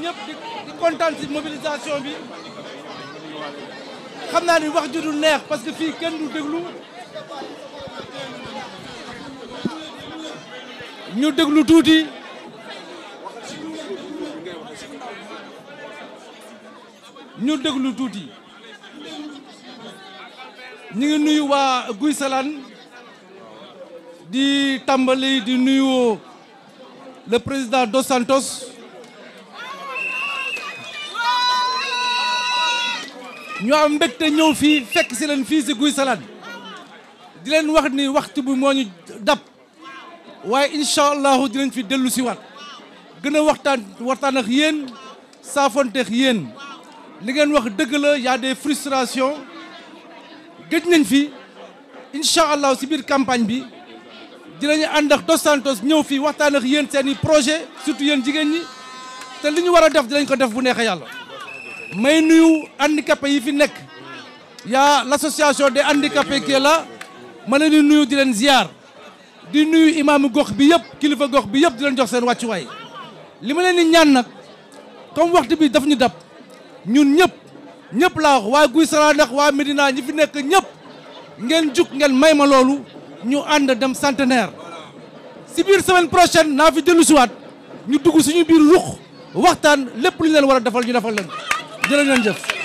ñun ñëpp di kontaan si mobilisation bi xam naa ni wax ju neex parce que fii kenn du déglu ñu déglu tuuti ñu déglu tuuti ngi nuyu waa Guy salaan di tàmbali di nuyu le président Dos Santos ñoo am mbégte ñëw fii fekk si leen fii si guy salaat di leen wax ni waxtu bi moo ñu dab waaye incha allahu dinañ fi dellu si waat gën a waxtaan waxtaan ak yéen saafonteek yéen li ngeen wax dëgg la y a des frustrations gëj nañ fi incha allah si biir campagne bi dinañu ànd ak Dos Santos ñëw fii waxtaan ak yéen seen i projet surtout yéen jigéen ñi te li ñu war a def dinañ ko def bu neexee yàlla. may nuyu handicapés yi fi nekk yaa l'association des handicapés qui est là ma leen di nuyu di leen ziar di nuyu imaamu gox bi yëpp kilifa gox bi yëpp di leen jox seen wàccuwaay li ma leen di ñaan nag comme waxtu bi daf ñu dab ñun ñëpp ñëpp laa wax waa Guy Saranax waa Médina ñi fi nekk ñëpp ngeen jug ngeen may ma loolu ñu ànd dem centenaire si biir semaine prochaine naa fi dellu siwaat ñu dugg suñu biir ruq waxtaan lépp lu leen war a defal ñu defal leen jërë ngeen jëf